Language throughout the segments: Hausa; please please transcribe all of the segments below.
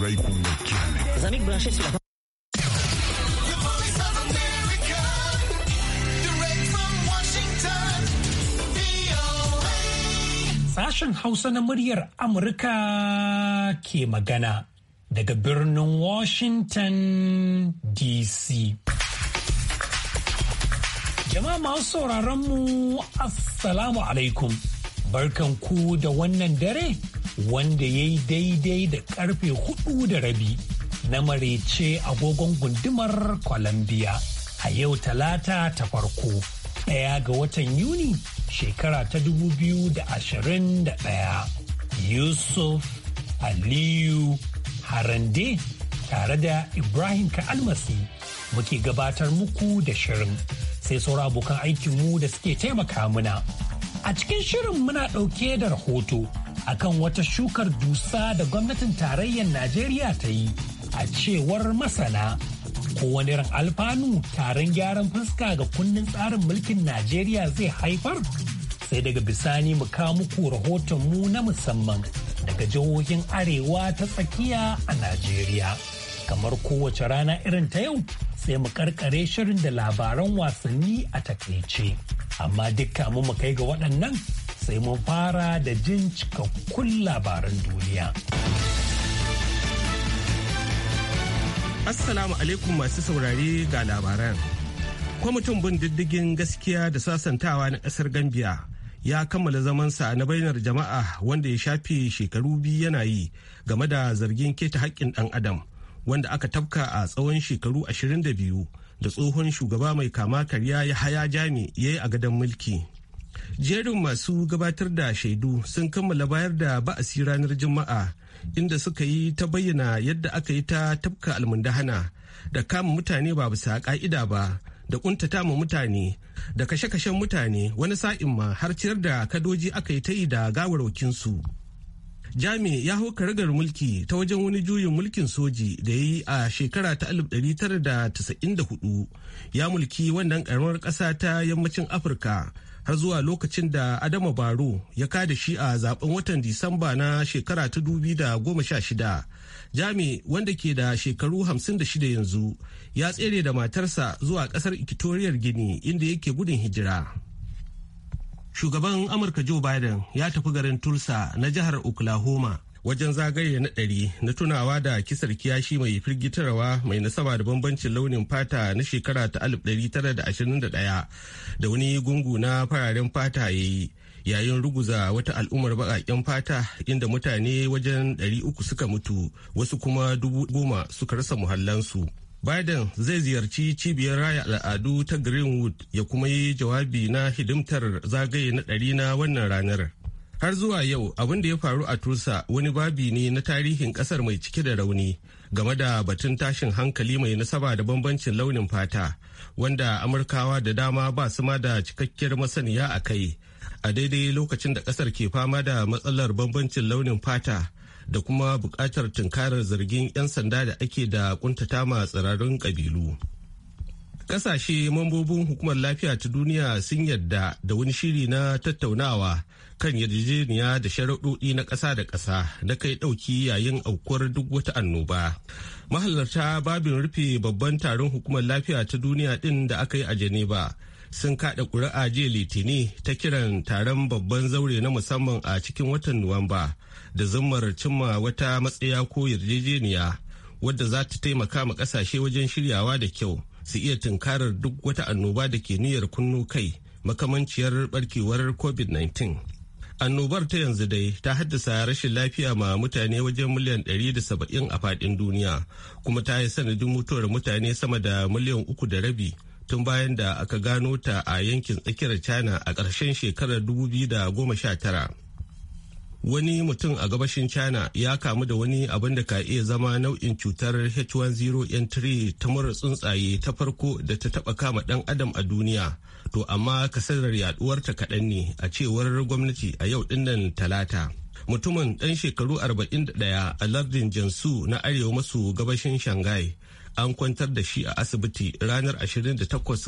turai Sashen Hausa na muryar Amurka ke magana daga birnin Washington DC. Jama'a masu sauraron mu Assalamu alaikum. Barkan ku da wannan dare wanda ya yi daidai da karfe hudu da rabi na marece agogon gundumar Colombia a yau talata ta farko Daya ga watan Yuni shekara ta dubu biyu da ashirin da daya. Yusuf Aliyu Harande tare da Ibrahim Ka'almasi muke gabatar muku da shirin sai saura abokan aikinmu da suke taimaka muna. A cikin shirin muna ɗauke da rahoto. akan wata shukar dusa da gwamnatin tarayyar Najeriya ta yi a cewar masana. Kowane irin alfanu taron gyaran fuska ga kundin tsarin mulkin Najeriya zai haifar? Sai daga bisani mu ka muku rahotonmu na musamman daga jihohin Arewa ta tsakiya a Najeriya. Kamar kowace rana irin ta yau sai mu karkare shirin da labaran wasanni a takaice. Amma dukka mu kai ga waɗannan sai mu fara da jin cikakkun labaran duniya. Assalamu alaikum masu saurare ga labaran. Kwamitin bin diddigin gaskiya da sasantawa na ƙasar Gambia ya kammala zamansa na bainar jama'a wanda ya shafe shekaru biyu yana yi game da zargin keta haƙƙin ɗan adam wanda aka tafka a tsawon shekaru ashirin da biyu da tsohon shugaba mai kama karya ya haya jami ya yi a gadon mulki. jerin masu gabatar da shaidu sun kammala bayar da ba'asi ranar juma'a inda suka yi ta bayyana yadda aka yi ta tafka almundahana da kama mutane ba bisa ka'ida ba da kuntata ma mutane da kashe-kashen mutane wani sa'in ma har ciyar da kadoji aka yi ta yi da wakinsu. jami ya hau karagar mulki ta wajen wani juyin mulkin soji da ya yi a shekara ta 1994 ya mulki wannan karamar ƙasa ta yammacin afirka har zuwa lokacin da Adama Baro ya kada shi a zaben watan Disamba na shekara ta shida Jami wanda ke da shekaru 56 yanzu ya tsere da matarsa zuwa kasar Ikitoriyar Gini inda yake gudun hijira. Shugaban Amurka Joe Biden ya tafi garin Tulsa na jihar Oklahoma wajen zagaye na ɗari na tunawa da kisar kiyashi mai firgitarwa mai nasaba da bambancin launin fata na shekara ta 1921 da wani gungu na fararen fata ya yi yayin ruguza wata al'ummar baƙaƙen fata inda mutane wajen 300 suka mutu wasu kuma dubu goma suka rasa muhallansu. Biden zai ziyarci cibiyar raya al'adu ta Greenwood ya kuma yi jawabi na hidimtar zagaye na ɗari na wannan ranar. har zuwa yau abin da ya faru a tusa wani babi ne na tarihin kasar mai cike da rauni game da batun tashin hankali mai nasaba da bambancin launin fata wanda Amurkawa da dama ba su ma da cikakkiyar masaniya a kai a daidai lokacin da kasar ke fama da matsalar bambancin launin fata da kuma bukatar tunkarar zargin 'yan sanda da ake da kuntata ma tsirarin ƙabilu. Kasashe mambobin hukumar lafiya ta duniya sun yadda da wani shiri na tattaunawa kan yarjejeniya da sharaɗoɗi na ƙasa da ƙasa na kai ɗauki yayin aukuwar duk wata annoba. Mahalarta babin rufe babban taron hukumar lafiya ta duniya ɗin da aka yi a Geneva sun kaɗa ƙuri'a jiya litini ta kiran taron babban zaure na musamman a cikin watan Nuwamba da zummar cimma wata matsaya ko yarjejeniya wadda za ta taimaka ma ƙasashe wajen shiryawa da kyau. su iya tunkarar duk wata annoba da ke niyyar kunno kai makamanciyar barkewar covid-19 annobar ta yanzu dai ta haddasa rashin lafiya ma mutane wajen miliyan 170 a fadin duniya kuma ta yi sanadin mutuwar mutane sama da miliyan uku da rabi tun bayan da aka gano ta a yankin tsakiyar china a ƙarshen shekarar 2019 wani mutum a gabashin china ya kamu da wani abin da ka iya zama nau'in cutar h1n3 ta mura tsuntsaye ta farko da ta taba kama dan adam a duniya to amma kasarar ta kaɗan ne a cewar gwamnati a yau dinnan talata mutumin ɗan shekaru 41 a lardin jansu na arewa maso gabashin shanghai an kwantar da shi a asibiti ranar 28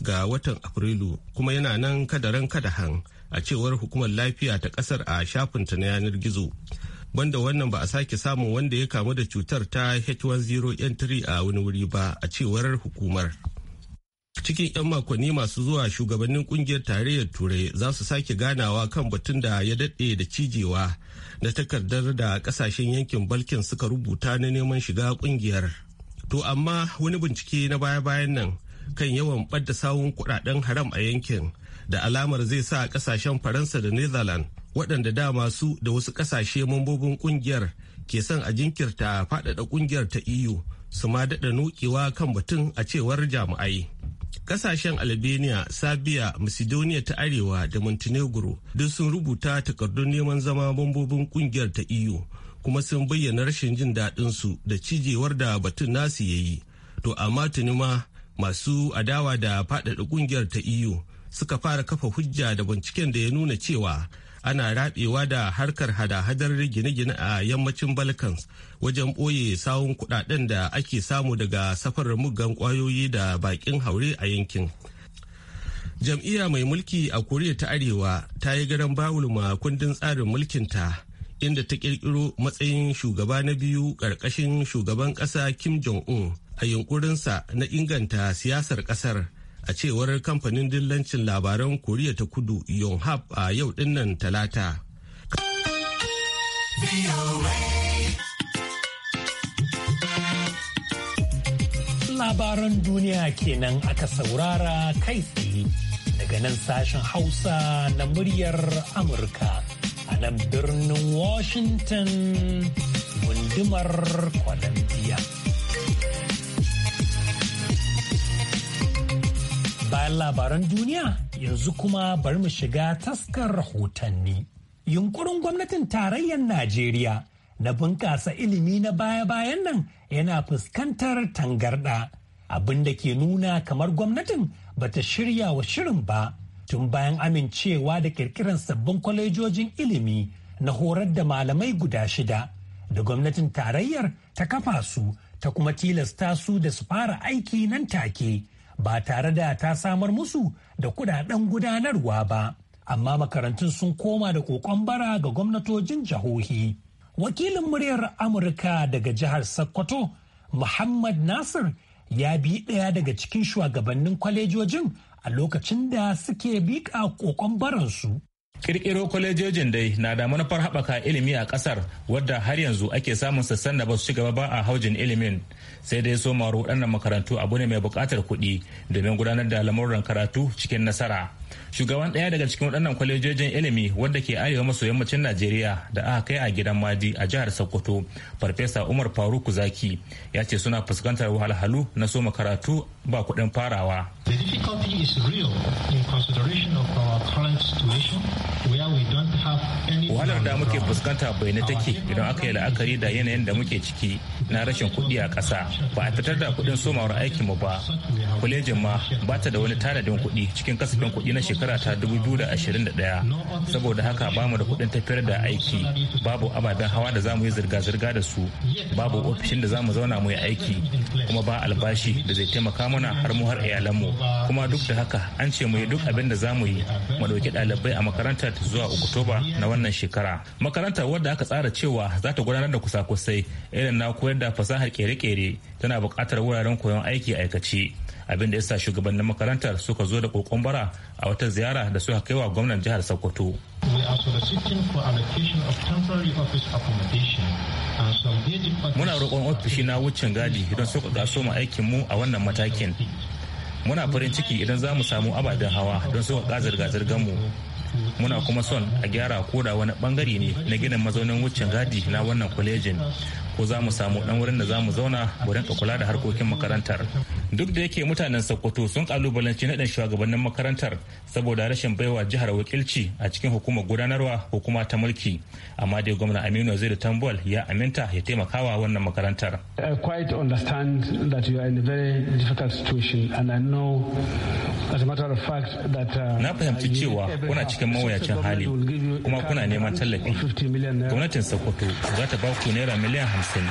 ga watan afrilu kuma yana nan kadaran kadahan a cewar hukumar lafiya ta kasar a shafinta na yanar gizo banda wannan ba a sake samun wanda ya kamu da cutar ta h1n3 a wani wuri ba a cewar hukumar cikin 'yan makonni masu zuwa shugabannin kungiyar tarayyar turai za su sake ganawa kan batun da ya daɗe da cijewa na takardar da kasashen yankin balkin suka rubuta na neman shiga kungiyar to amma wani bincike na baya-bayan nan kan yawan ɓadda sawun kudaden haram a yankin da alamar zai sa kasashen faransa da netherlands waɗanda dama su da wasu kasashe mambobin ƙungiyar ke son a jinkirta faɗaɗa ƙungiyar ta eu su ma daɗa nukewa kan batun a cewar jami'ai Ƙasashen albania sabia macedonia ta arewa da montenegro duk sun rubuta takardun neman zama mambobin ƙungiyar ta eu kuma sun bayyana rashin jin daɗin su da cijewar da batun nasu ya yi to amma tuni ma masu adawa da faɗaɗa ƙungiyar ta eu suka fara kafa hujja da binciken da ya nuna cewa ana rabewa da harkar hada-hadar gine-gine a yammacin balkans wajen ɓoye sawun kudaden da ake samu daga safarar muggan kwayoyi da bakin haure a yankin jam'iyya mai mulki a koriya ta arewa ta yi garan bawul ma kundin tsarin mulkinta inda ta kirkiro matsayin shugaba na biyu ƙarƙashin shugaban ƙasa kim jong-un a yunkurinsa na inganta siyasar ƙasar a cewar kamfanin dillancin labaran koriya ta kudu yonhap a yau dinnan talata labaran duniya kenan aka saurara kai tsaye daga nan sashen hausa na muryar amurka a nan birnin washington gundumar columbia bayan labaran duniya yanzu kuma bari mu shiga taskar rahotanni. Yunkurin gwamnatin tarayyar Najeriya na bunƙasa ilimi na baya-bayan nan yana fuskantar tangarɗa. Abin da ke nuna kamar gwamnatin bata shirya wa shirin ba tun bayan amincewa da kirkiran sabbin kwalejojin ilimi na horar da malamai guda shida da gwamnatin tarayyar ta kafa su ta kuma tilasta su da su fara aiki nan take. ba tare da ta samar musu da kudaden gudanarwa ba amma makarantun sun koma da kokon bara ga gwamnatojin jahohi. wakilin muryar amurka daga jihar sokoto muhammad nasir ya bi ɗaya daga cikin shugabannin kwalejojin a lokacin da suke biƙa kokon baransu kirkiro kwalejojin dai na da manufar haɓaka ilimi a ƙasar wadda har yanzu ake samun sassan da ba su ci gaba ba a haujin ilimin sai dai somawar waɗannan makarantu abu ne mai buƙatar kuɗi domin gudanar da lamurran karatu cikin nasara shugaban ɗaya daga cikin waɗannan kwalejojin ilimi wanda ke arewa maso yammacin najeriya da aka kai a gidan madi a jihar sokoto farfesa umar faruk zaki ya ce suna fuskantar wahalhalu na soma karatu ba kuɗin farawa Wahalar da muke fuskanta bai na take idan aka yi la'akari da yanayin da muke ciki na rashin kuɗi a ƙasa ba a fitar da kuɗin somawar aikinmu ba. Kwalejin ma ba ta da wani tanadin kuɗi cikin kasafin kuɗi na shekaru. shekara ta ɗaya saboda haka ba mu da kuɗin tafiyar da aiki babu ababen hawa da za mu yi zirga-zirga da su babu ofishin da za mu zauna mu yi aiki kuma ba albashi da zai taimaka mana har mu har iyalanmu kuma duk da haka an ce mu yi duk abin da za mu yi mu ɗauki ɗalibai a makarantar zuwa oktoba na wannan shekara makarantar wadda aka tsara cewa za ta gudanar da kusa-kusai irin na koyar da fasahar kere-kere tana buƙatar wuraren koyon aiki aikace abin da sa shugabannin makarantar suka zo da kokon bara a wata ziyara da suka kai wa gwamnan jihar sokoto muna roƙon ofishi na wucin gadi don sauƙaƙa soma aikin mu a wannan matakin muna farin ciki idan za mu samu ababen hawa don sauƙaƙa zirga-zirgar mu muna kuma son a gyara koda wani bangare ne na ginin mazaunin wucin gadi na wannan kwalejin ko za mu samu dan wurin da za mu zauna mu rinka kula da harkokin makarantar duk da yake mutanen sokoto sun kalubalanci naɗin shugabannin makarantar saboda rashin baiwa jihar wakilci a cikin hukumar gudanarwa ko kuma ta mulki amma dai gwamna aminu zai tambol ya aminta ya taimakawa wannan makarantar I quite understand that you are in a very difficult situation and I know as a matter of fact that uh, na fahimci cewa kuna cikin mawuyacin hali kuma kuna neman tallafi gwamnatin sokoto za ta ba ku naira miliyan hamsin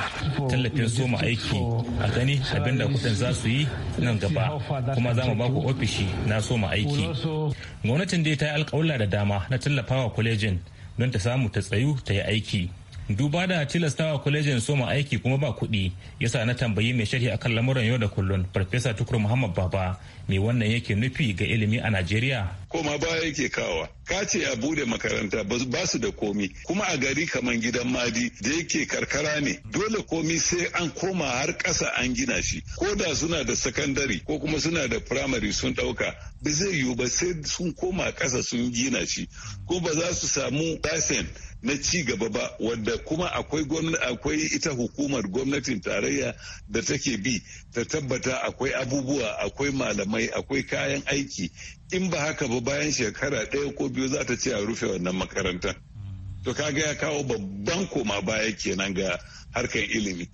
tallafin soma aiki a gani abin da kudin za su yi nan gaba kuma za mu baku ofishi na soma aiki gwamnatin dai ta yi alkawalla da dama na tallafawa kwalejin don ta samu ta tsayu ta yi aiki duba da tilastawa kwalejin soma aiki kuma ba kuɗi yasa na tambayi mai sharhi akan lamuran yau da kullun farfesa tukur muhammad baba me wannan yake nufi ga ilimi a najeriya koma baya yake kawa ka ce a bude makaranta ba su da komi kuma a gari kamar gidan madi da yake karkara ne dole komi sai an koma har ƙasa an gina shi ko da suna da sakandare ko kuma suna da firamare sun ɗauka ba zai yiwu ba sai sun koma ƙasa sun gina shi ko ba za su samu lasen na ci gaba ba wadda kuma akwai akwai ita hukumar gwamnatin tarayya da take bi ta tabbata akwai abubuwa akwai malamai Mai akwai kayan aiki in ba haka ba bayan shekara ɗaya ko biyu za ta ce a rufe wannan makaranta to kaga ya kawo babban koma baya kenan ga harkar ilimi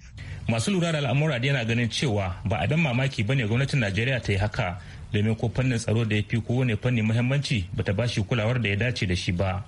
masu lura da al'amura yana ganin cewa ba a dan mamaki ne gwamnatin najeriya ta yi haka domin ko fannin tsaro da ya fi kowane fannin muhimmanci ba ta bashi kulawar da ya dace da shi ba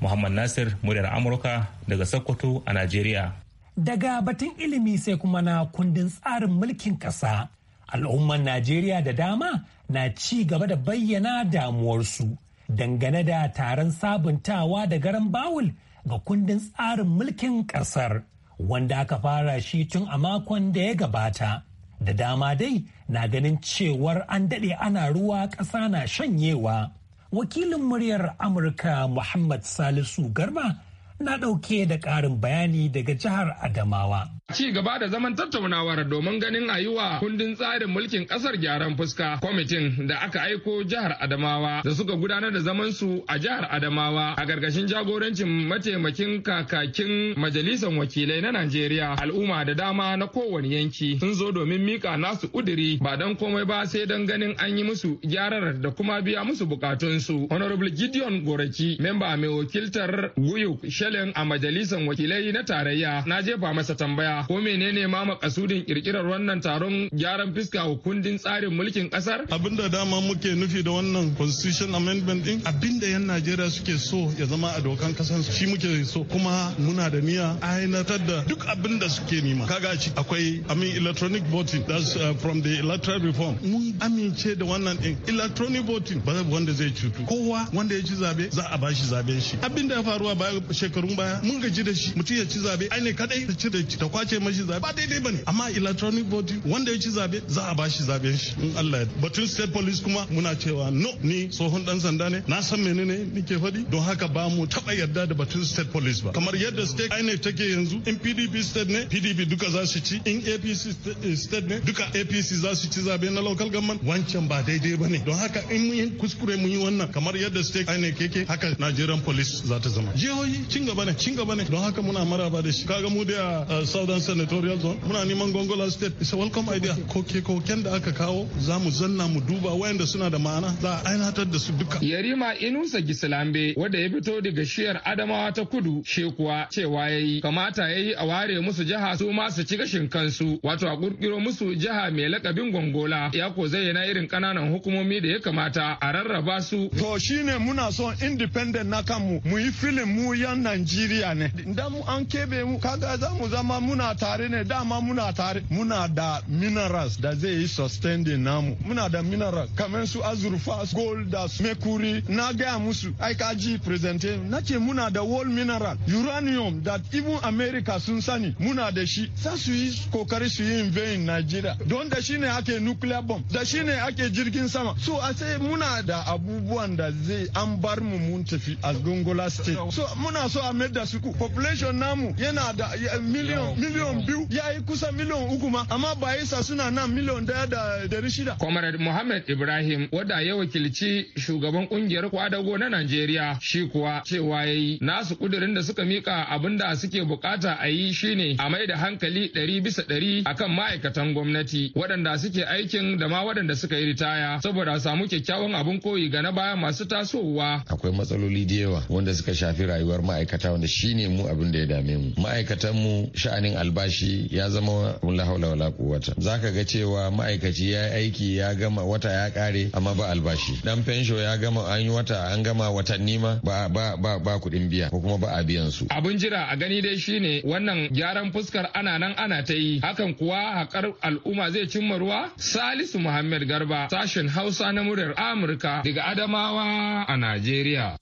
muhammad nasir muryar amurka daga sokoto a najeriya daga batun ilimi sai kuma na kundin tsarin mulkin ƙasa. al'umman najeriya da dama na ci gaba da bayyana damuwarsu dangane da taron sabuntawa da garan bawul ga kundin tsarin mulkin ƙasar wanda aka fara shi tun a makon da ya gabata da dama dai na ganin cewar an daɗe ana ruwa ƙasa na shanyewa wakilin muryar amurka muhammad salisu garba na ɗauke da ƙarin bayani daga jihar adamawa ci gaba da zaman tattaunawar domin ganin a yi wa kundin tsarin mulkin kasar gyaran fuska kwamitin da aka aiko jihar adamawa da suka gudanar da zaman su a jihar adamawa a gargashin jagorancin mataimakin kakakin majalisar wakilai na najeriya al'umma da dama na kowane yanki sun zo domin mika nasu kuduri ba don komai ba sai don ganin an yi musu gyarar da kuma biya musu bukatunsu honorable gideon goraki memba mai wakiltar guyuk shelen a majalisar wakilai na tarayya na jefa masa tambaya ko menene ma makasudin kirkirar wannan taron gyaran fiska kundin tsarin mulkin kasar? Abinda dama muke nufi da wannan constitution amendment din abinda yan Najeriya suke so ya zama a dokan kasan shi muke so kuma muna da niyya ainatar da duk abin da suke nima. Kaga ci akwai amin electronic voting that's uh, from the electoral reform. Mun amince da wannan din electronic voting ba wanda zai cutu. Kowa wanda ya ci zabe za a bashi zaben shi. Abinda ya faruwa baya shekarun baya mun gaji da shi mutum ya ci zabe ai ne kadai ta ci da ta ce mashi zabe ba daidai bane amma electronic voting wanda ya ci zabe za a bashi zaben shi in Allah ya batun state police kuma muna cewa no ni tsohon dan sanda ne na san menene nike faɗi don haka ba mu taba yarda da batun state police ba kamar yadda state ne take yanzu in PDP state ne PDP duka za su ci in APC eh, state ne duka APC za su ci zabe na local government wancan ba daidai bane don haka in mun kuskure mun yi wannan kamar yadda state INEC keke. haka Nigerian police za ta zama jihohi cin gaba ne cin gaba ne don haka muna maraba da shi kaga mu da eh, South northern senatorial zone muna neman gongola state it's a welcome idea ko ken da aka kawo za mu zanna mu duba wayanda suna da ma'ana za a ainatar da su duka yarima inusa gisilambe wanda ya fito daga shiyar adamawa ta kudu she kuwa cewa yayi kamata yayi a ware musu jiha su ma su ci gashin kansu wato a kurkiro musu jiha mai lakabin gongola ya ko yana irin kananan hukumomi da ya kamata a rarraba su to shine muna son independent na kanmu mu yi filin mu yan Najeriya ne idan an kebe mu kaga za mu zama muna muna tare ne dama muna tare muna da minerals da zai yi sustaining namu muna da minerals kamar su azurfa gold da mercury na gaya musu ai ka ji presentation nace muna da world mineral uranium da even america sun sani muna da shi sa su yi kokari su yi invade nigeria don da shi ne ake nuclear bomb da shi ne ake jirgin sama so a sai muna da abubuwan da zai an bar mu mun tafi a gongola state so muna so a mai da su population namu yana da eh, miliyan miliyan biyu ya yi kusa miliyan uku ma amma bayisa suna nan miliyan daya da dari shida. Comrade mohammed Ibrahim wadda ya wakilci shugaban kungiyar kwadago na nigeria shi kuwa cewa ya yi nasu kudirin da suka mika abin da suke bukata a yi shine a mai da hankali ɗari bisa ɗari akan ma'aikatan gwamnati waɗanda suke aikin da ma waɗanda suka yi ritaya saboda a samu kyakkyawan abin koyi ga na baya masu tasowa. Akwai matsaloli da yawa wanda suka shafi rayuwar ma'aikata wanda shine mu abin da ya dame mu. Ma'aikatan mu sha'anin albashi ya zama la haula wala za ka ga cewa ma'aikaci ya aiki ya gama wata ya kare amma ba albashi dan fensho ya gama an yi wata an gama watanni nima ba ba ba, kuɗin biya ko kuma ba a biyan su abun jira a gani dai shine wannan gyaran fuskar ana nan ana ta yi hakan kuwa hakar al'umma zai cimma ruwa salisu muhammad garba sashen hausa na muryar amurka daga adamawa a najeriya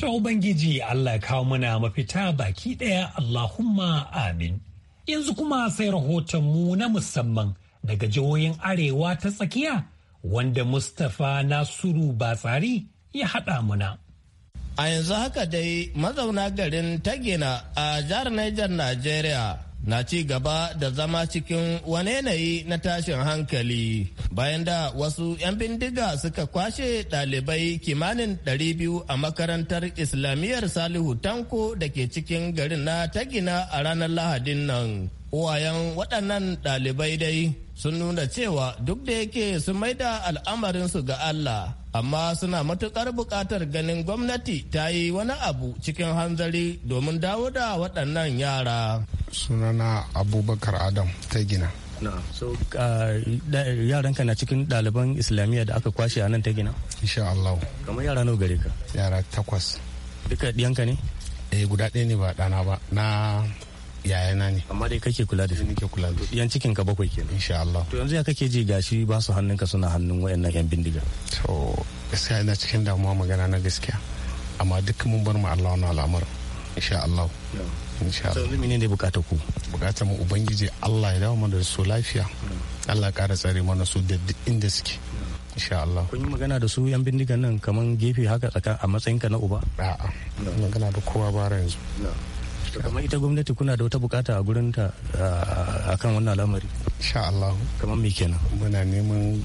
Ta Ubangiji Allah ya kawo mana mafita baki ɗaya Allahumma amin. Yanzu kuma sai rahotonmu na musamman daga jihohin Arewa ta tsakiya wanda Mustapha Nasiru Batsari ya haɗa muna. A yanzu haka dai mazauna garin Tagina a jihar Niger Najeriya na ci gaba da zama cikin wani yanayi na tashin hankali bayan da wasu 'yan bindiga suka kwashe ɗalibai kimanin 200 a makarantar islamiyyar salihu tanko da ke cikin garin na tagina a ranar lahadin nan uwayen waɗannan ɗalibai dai sun nuna cewa duk da yake sun maida al'amarinsu ga allah amma suna matuƙar buƙatar ganin gwamnati ta yi wani abu cikin hanzari domin dawo da waɗannan yara. sunana abubakar adam ta gina Yaran so na cikin ɗaliban islamiyya da aka kwashe a nan ta gina insha Allah kamar yara nawa gare ka yara takwas duka ɗiyanka ne eh guda ɗaya ne ba ɗana ba na Yaya na ne amma dai kake kula da shi nake kula da yan cikin ka bakwai kenan insha Allah to yanzu ya kake ji gashi ba su hannun ka suna hannun wayannan yan bindiga to gaskiya ina cikin damuwa magana na gaskiya amma duk mun bar mu Allah wani al'amar insha Allah insha Allah ne ne bukatar ku bukatar mu ubangiji Allah ya dawo mana da su lafiya Allah kara tsare mana su da inda suke insha Allah kun yi magana da su yan bindigan nan kaman gefe haka tsaka a matsayin ka na uba a'a magana da kowa bara yanzu kamar ita gwamnati kuna da wata bukata a gurin ta kan wannan al'amari insha kamar me kenan muna neman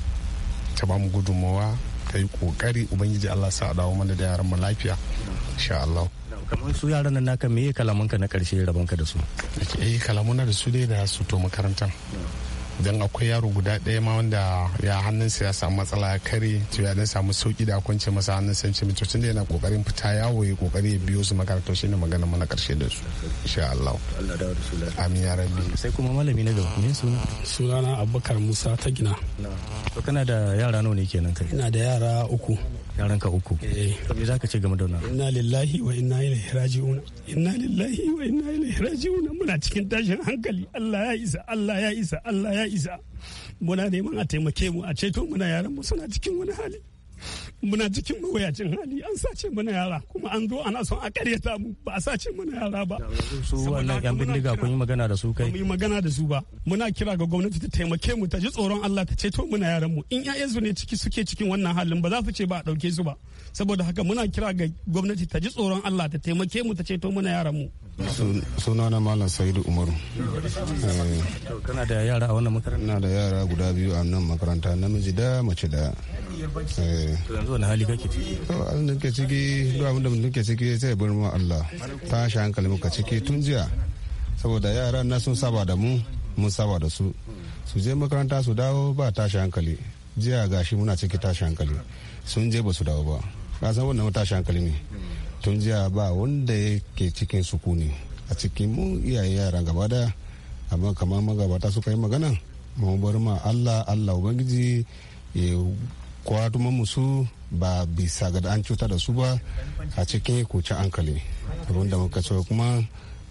ta ba mu gudunmawa ta yi kokari ubangiji Allah sa dawo mana da yaran mu lafiya insha kamar su yaran nan naka me kalamanka na karshe rabanka da su eh kalamuna da su dai da su to makarantar don akwai yaro guda ɗaya ma wanda ya hannunsa ya samu matsala ya kare to ya dan samu sauki da kwance masa hannun sai cimi to tunda yana kokarin fita yawo ya kokari ya biyo su makaranta ne magana mana karshe da su insha Allah amin ya rabbi sai kuma malami na gaba ne suna sunana Abubakar Musa ta gina to kana da yara nawa ne kenan kai ina da yara uku yaran ka uku eh. me za ka ce game da wannan inna lillahi wa inna ilaihi raji'un inna lillahi wa inna ilaihi raji'un muna cikin tashin hankali Allah ya isa Allah ya isa Allah ya isa muna neman a taimake mu a ceto muna yaran mu suna cikin wani hali muna cikin mawuyacin hali an sace mana yara kuma an zo ana son a karyata mu ba a sace mana yara ba su wannan yan bindiga kun yi magana da su kai mu yi magana da su ba muna kira ga gwamnati ta taimake mu ta ji tsoron Allah ta ceto mana yaran mu in ƴaƴan su ne ciki suke cikin wannan halin ba za su ce ba a dauke su ba saboda haka muna kira ga gwamnati ta ji tsoron Allah ta taimake mu ta ceto mana yaran mu Suna na malam sa'idu umaru eh, kana da yara a wannan makaranta na da yara guda biyu a nan makaranta namiji da mace da Eh. to yanzu wani hali kake ciki an ciki da ke ciki sai bar mu Allah hankali muka ciki tun jiya saboda yara na sun saba da mu mun saba da su su je makaranta su dawo ba tashi hankali jiya gashi muna ciki tashi hankali sun je ba su dawo ba ka san wannan tashi hankali ne tun jiya ba wanda yake cikin sukuni a cikin mu iyaye yara gaba daya amma kamar magabata suka yi magana mu bar ma Allah Allah ubangiji ya kuma musu ba bisa ga an cuta da su ba a cikin kuce ankali abin da muka cewa kuma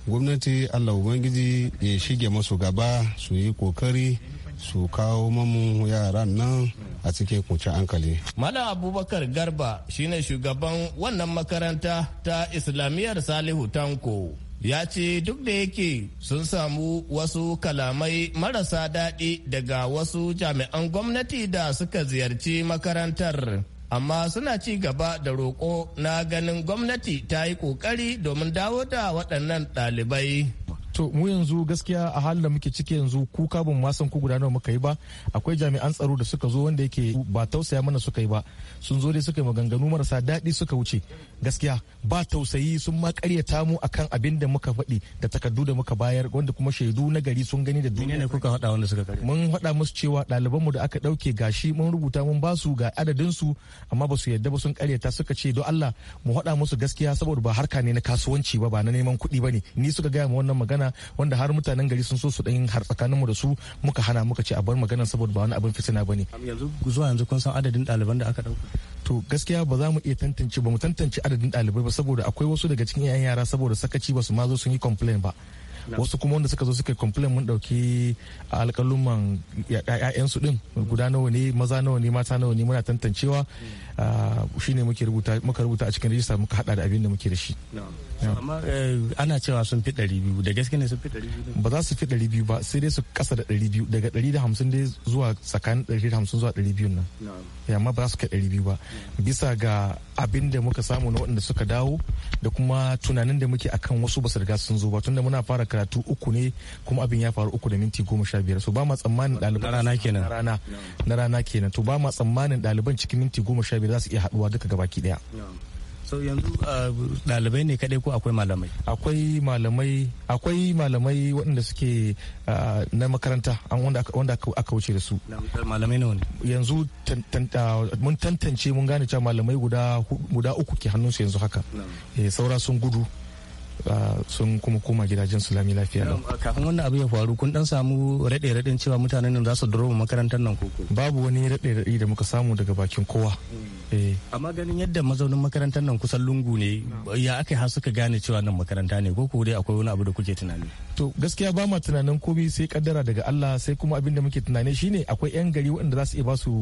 gwamnati allah ubangiji ya shige masu gaba su yi kokari su kawo mamu yaran nan a cikin kuce ankali malam Abubakar Garba shine shugaban wannan makaranta ta islamiyar Salihu Tanko. ya ce duk da yake sun samu wasu kalamai marasa daɗi daga wasu jami'an gwamnati da suka ziyarci makarantar amma suna ci gaba da roƙo na ganin gwamnati ta yi ƙoƙari domin dawo da waɗannan ɗalibai. to mu yanzu gaskiya a halin da muke ciki yanzu kuka ban ma san ku gudanar muka yi ba akwai jami'an tsaro da suka zo wanda yake ba tausaya mana suka yi ba sun zo dai suka yi maganganu marasa daɗi suka wuce gaskiya ba tausayi sun ma ƙaryata mu akan abin da muka faɗi da takardu da muka bayar wanda kuma shaidu na gari sun gani da duniya ne kuka faɗa wanda suka ƙarya mun faɗa musu cewa ɗaliban mu da aka ɗauke gashi mun rubuta mun ba su ga adadin su amma ba su yarda ba sun ƙaryata suka ce don Allah mu faɗa musu gaskiya saboda ba harka ne na kasuwanci ba ba na neman kuɗi ba ne ni suka gaya ma wannan magana magana wanda har mutanen gari sun so su ɗan har tsakanin mu da su muka hana muka ce a bar magana saboda ba wani abin fitina bane yanzu zuwa yanzu kun san adadin ɗaliban da aka ɗauka to gaskiya ba za mu iya tantance ba mu tantance adadin ɗalibai ba saboda akwai wasu daga cikin 'ya'yan yara saboda sakaci ba su ma zo sun yi complain ba wasu kuma wanda suka zo suka complain mun dauki alƙaluman ƴaƴansu din guda nawa ne maza nawa ne mata nawa ne muna tantancewa ah, shine muke rubuta muka rubuta a cikin rijista muka hada da abin da muke da shi eh, ana cewa sun fi 200 da gaske ne sun fi 200 ba za su fi 200 ba sai dai su kasa da 200 daga 150 dai zuwa tsakanin 150 zuwa 200 nan amma ba za su kai 200 ba bisa ga abin da muka samu na waɗanda suka dawo da kuma tunanin da muke akan wasu ba su riga sun zo ba tunda muna fara karatu uku ne kuma abin ya faru uku da minti goma sha biyar so ba ma tsammanin ɗaliban na rana kenan na rana kenan to ba ma tsammanin ɗaliban cikin minti goma sha biyar za su iya haɗuwa duka gabaki ɗaya. so yanzu uh, ɗalibai ne kaɗai ko akwai malamai akwai malamai akwai malamai waɗanda suke uh, na makaranta wanda aka wuce da su malamai nawa ne yanzu uh, mun tantance mun gane cewa malamai guda uku ke hannunsu yanzu haka eh, saura sun gudu sun kuma koma gidajen su lami lafiya lau. kafin wannan abu ya faru kun dan samu raɗe raɗin cewa mutanen nan za su duro makarantar nan ko babu wani raɗe raɗi da muka samu daga bakin kowa hmm. eh. amma ganin yadda mazaunin makarantar nan kusan lungu ne hmm. ya aka har suka gane cewa nan makaranta ne ko ko dai akwai wani abu da kuke tunani to gaskiya ba ma tunanin komai sai kaddara daga Allah sai kuma abin da muke tunani shine akwai yan gari waɗanda za su iya ba su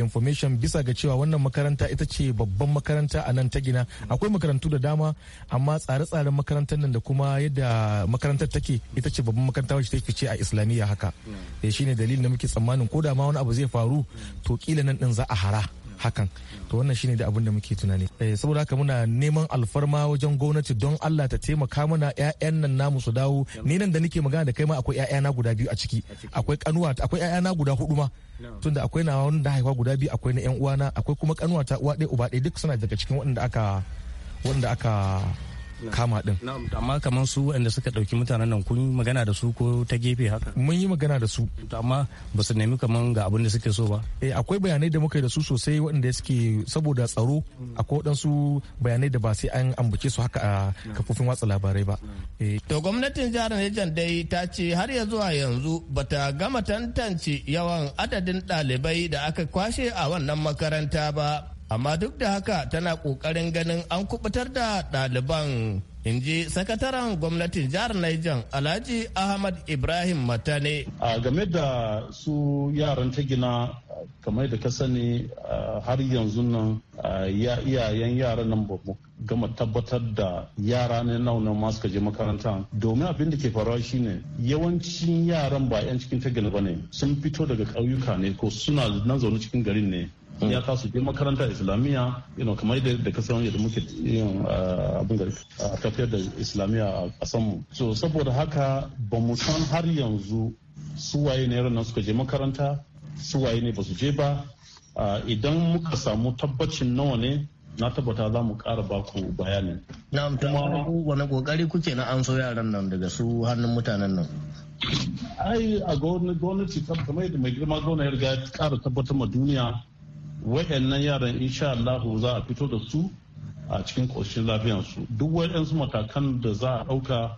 information bisa ga cewa wannan makaranta ita ce babban makaranta a nan ta gina akwai makarantu da dama amma tsare-tsaren makaranta makarantar nan da kuma yadda makarantar take ita ce babban makaranta wacce take ce a islamiyya haka da eh, shine dalilin da muke tsammanin ko da ma wani abu zai faru to kila nan din za a hara hakan to wannan shine da abin da muke tunani eh, saboda haka muna neman alfarma wajen gwamnati don Allah ta taimaka mana ƴaƴan nan namu su dawo ni nan da nake magana da kai ma akwai na guda biyu a ciki akwai kanuwa akwai na guda hudu ma tunda akwai na wanda haifa guda biyu akwai na ƴan uwana akwai kuma kanuwa ta uwa ɗaya uba ɗaya duk suna daga cikin waɗanda aka waɗanda aka kama din amma kamar su waɗanda suka ɗauki mutanen nan kun yi magana da su ko ta gefe haka mun yi magana da su amma ba su nemi kamar ga abin da suke so ba eh akwai bayanai da muka yi da su sosai waɗanda suke saboda tsaro hmm. akwai waɗansu bayanai da ba sai an ambace su haka a kafofin watsa labarai ba eh, to gwamnatin jihar Niger dai ta ce har ya zuwa yanzu bata gama tantance yawan adadin ɗalibai da aka kwashe a wannan makaranta ba amma duk da haka tana ƙoƙarin ganin an kubutar da ɗaliban in ji sakataren gwamnatin jihar Niger Alhaji Ahmad Ibrahim Matane. A game da su yaran ta gina kamar da ka sani har yanzu nan iyayen yaran nan ba mu gama tabbatar da yara ne nauna ma ka je makaranta domin abin da ke faruwa shine yawancin yaran ba 'yan cikin ta gina ba ne sun fito daga ƙauyuka ne ko suna nan zaune cikin garin ne Mm. ya kasu je makaranta islamiyya you kamar yadda ka san yadda muke yin ah, abin da ah, tafiyar da islamiyya a kasanmu so saboda haka ba mu san har yanzu suwaye ne nan suka je makaranta suwaye ne ba su je ba ah, idan muka samu tabbacin nawa ne na tabbata za mu ƙara ku bayanin. Na kuma wani kokari kuke na an yaran nan daga su hannun mutanen nan. Ai a gwamnati kamar yadda mai girma gwamnati ya riga ya ƙara tabbatar ma duniya wa'annan yaran insha Allah za a fito da su a cikin ƙoshin lafiyansu duk waɗansu matakan da za a ɗauka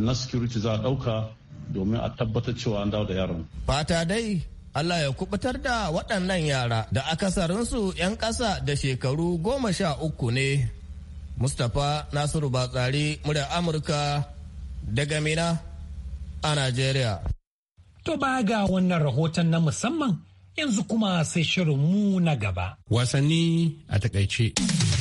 na security za a ɗauka domin a tabbatar cewa an dawo da yaran. Fata dai Allah ya kubutar da waɗannan yara da akasarinsu 'yan ƙasa da shekaru goma sha uku ne. Mustapha Nasiru Batsari murya Amurka daga Mina a Najeriya. To ba ga wannan rahoton na musamman yanzu kuma sai mu na gaba. Wasanni a takaice.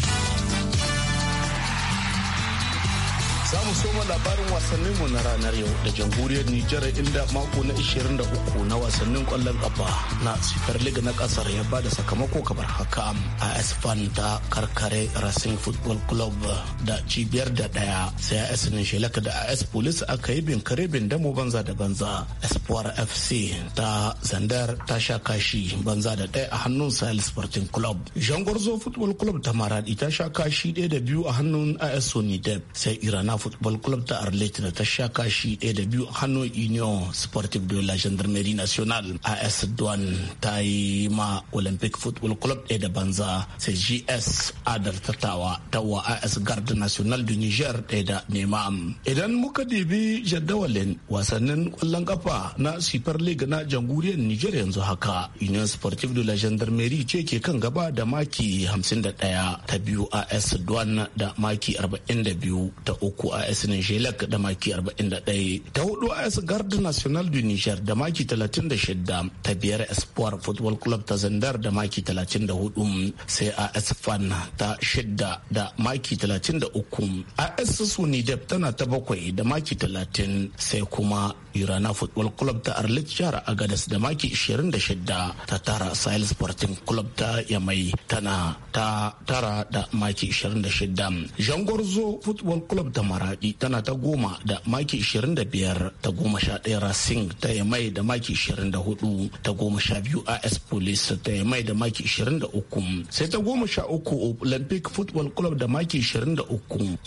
mu labarin wasannin mu na ranar yau da jamhuriyar Nijar inda mako na 23 na wasannin kwallon kafa na Super League na kasar ya bada sakamako kamar haka. a Fan ta karkare Racing Football Club da cibiyar da daya sai AS Nishelak da AS Police aka yi binkare damo banza da banza. Espoir FC ta Zandar ta sha kashi banza da daya a hannun Sahel Sporting Club. Jangorzo Football Club ta Maradi ta sha kashi daya da biyu a hannun AS Sonidep sai Irana Football football club ta arlet da ta sha kashi ɗaya da biyu hannun union sportive de la gendarmerie nationale as duan ta yi ma olympic football club ɗaya da banza sai gs adar tattawa ta wa as guard national du niger ɗaya da nema idan muka dibi jadawalin wasannin kwallon kafa na super league na jamhuriyar niger yanzu haka union sportive de la gendarmerie ce ke kan gaba da maki 51 ta biyu as duan da maki 42 ta uku as AS Nijelak da maki 41, ta hudu AS Garde National du Niger da maki 36, ta biyar Espoir Football Club ta Zandar da maki 34, sai AS Fan ta shida da maki 33, AS Sunidep tana ta bakwai da maki 30, sai kuma Urana Football Club ta Arlit Jihar Agadas da maki 26, ta tara Sahel Sporting Club ta Yamai tana ta tara da maki 26. Jangorzo Football Club ta Marat baki tana ta goma da maki 25 ta goma sha ɗaya racing ta yamai da maki 24 ta goma sha biyu as police ta yamai da maki 23 sai ta goma sha uku olympic football club da maki 23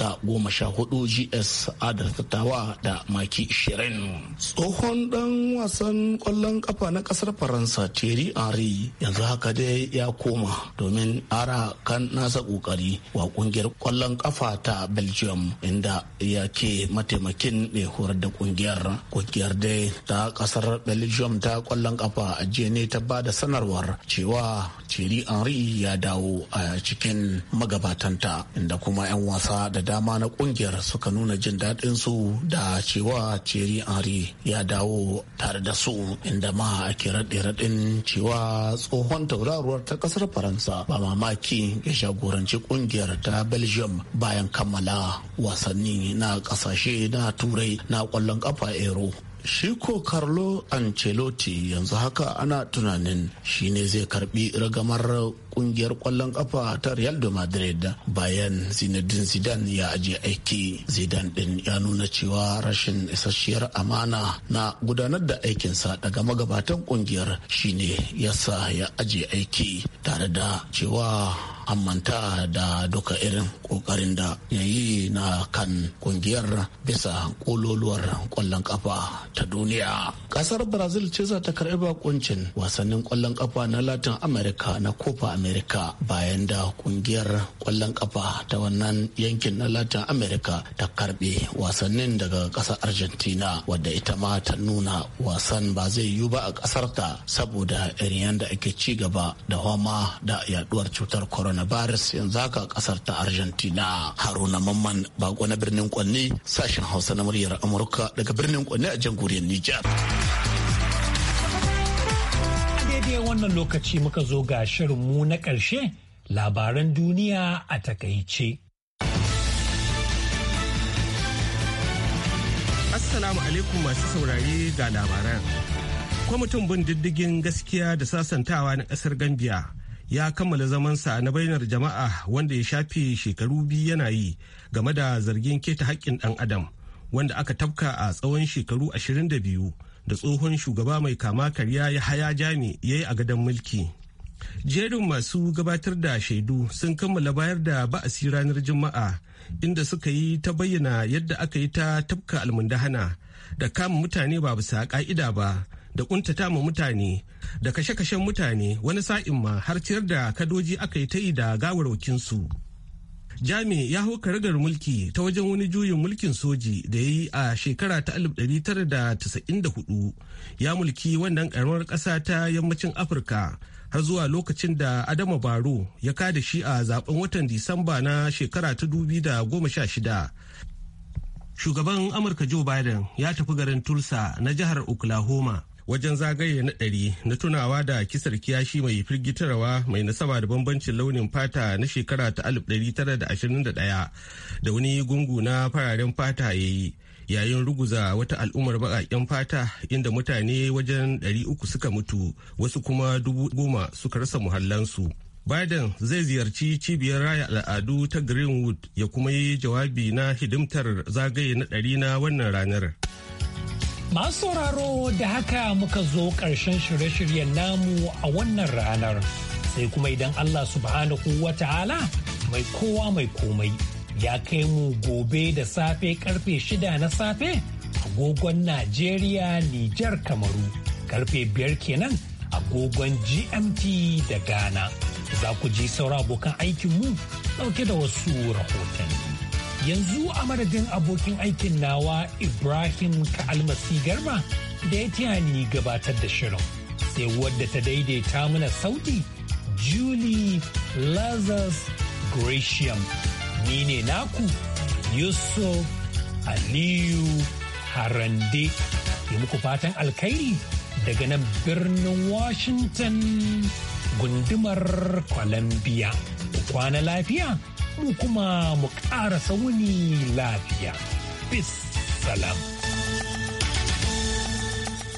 ta goma sha hudu gs adar tawa da maki 20 tsohon dan wasan kwallon kafa na kasar faransa thierry henry yanzu haka dai ya koma domin ara kan nasa kokari wa kungiyar kwallon kafa ta belgium inda ya ke mataimakin mai horar da kungiyar kungiyar dai ta kasar belgium ta kwallon kafa a jiya ne ta bada sanarwar cewa thierry henry ya dawo a cikin magabatanta inda kuma 'yan wasa da dama na kungiyar suka nuna jin daɗin su da cewa thierry henry ya dawo tare da su inda ma ake raɗe-raɗin cewa tsohon tauraruwar ta kasar faransa ba mamaki ya jagoranci kungiyar ta belgium bayan kammala wasanni na kasashe na turai na kwallon kafa ero shiko carlo ancelotti yanzu haka ana tunanin shi ne zai karbi ragamar kungiyar kwallon kafa ta real de madrid bayan zinedine zidane ya aje aiki zidane din ya nuna cewa rashin isasshiyar amana na gudanar da aikinsa daga magabatan kungiyar shine yasa ya aje aiki tare da cewa ammanta da duka irin kokarin da ya yi na kan kungiyar bisa kololuwar kwallon kafa ta duniya kasar brazil ce za ta karbi bakuncin wasannin kwallon kafa na latin america na copa america bayan da kungiyar kwallon kafa ta wannan yankin na latin america ta karbe wasannin daga kasar argentina wadda ita ma ta nuna wasan ba zai yiwu ba a kasarta saboda irin da ake ci gaba da homa da yaduwar cutar corona coronavirus yanzu haka kasar ta Argentina. Haruna Mamman bako na birnin Kwanne sashen Hausa na muryar Amurka daga birnin Kwanne a jamhuriyar Nijar. Daidai wannan lokaci muka zo ga mu na ƙarshe labaran duniya a takaice. Assalamu alaikum masu saurari ga labaran. Kwamitin bin diddigin gaskiya da sasantawa na ƙasar Gambia ya kammala zamansa na bainar jama'a wanda ya shafe shekaru biyu yana yi game da zargin keta haƙƙin ɗan adam wanda aka tafka a tsawon shekaru 22 da tsohon shugaba mai kama karya ya haya jami ya yi a gadon mulki jerin masu gabatar da shaidu sun kammala bayar da ba'asi ranar juma'a inda suka yi ta bayyana yadda aka yi ta tafka almundahana da kama mutane ba bisa ka'ida ba da kuntata ma mutane da kashe-kashen mutane wani sa'in ma har ciyar da kadoji aka yi ta yi da gawarwakin su Jami ya hau karagar mulki ta wajen wani juyin mulkin soji da ya yi a shekara ta 1994 ya mulki wannan karamar ƙasa ta yammacin Afirka har zuwa lokacin da Adama Baro ya kada shi a zaben watan Disamba na shekara ta 2016. Shugaban Amurka Joe Biden ya tafi garin Tulsa na jihar Oklahoma wajen zagaye na ɗari na tunawa da kisar kiyashi mai firgitarwa mai nasaba da bambancin launin fata na shekara ta 1921 da wani gungu na fararen fata ya yi yayin ruguza wata al'ummar baƙaƙen fata inda mutane wajen 300 suka mutu wasu kuma dubu goma suka rasa muhallansu. Biden zai ziyarci cibiyar raya al'adu ta Greenwood ya kuma yi jawabi na hidimtar zagaye na ɗari na wannan ranar. Masu sauraro da haka muka zo ƙarshen shirye-shiryen namu a wannan ranar. Sai kuma idan Allah subhanahu wa ta'ala mai kowa mai komai ya kai mu gobe da safe karfe shida na safe agogon Najeriya Nijar Kamaru karfe biyar kenan agogon GMT da Ghana. Za ku ji saura abokan aikinmu ɗauke da wasu rahotanni. yanzu a madadin abokin aikin nawa ibrahim almasi garba da ya tiyani ni gabatar da shirin sai wadda ta daidaita mana sauti julie lazarus gratium ni ne naku yusuf aliyu harande yi muku fatan alkhairi daga nan birnin washington gundumar columbia kwana lafiya mu kuma mu ƙara sauni lafiya. Peace, salam.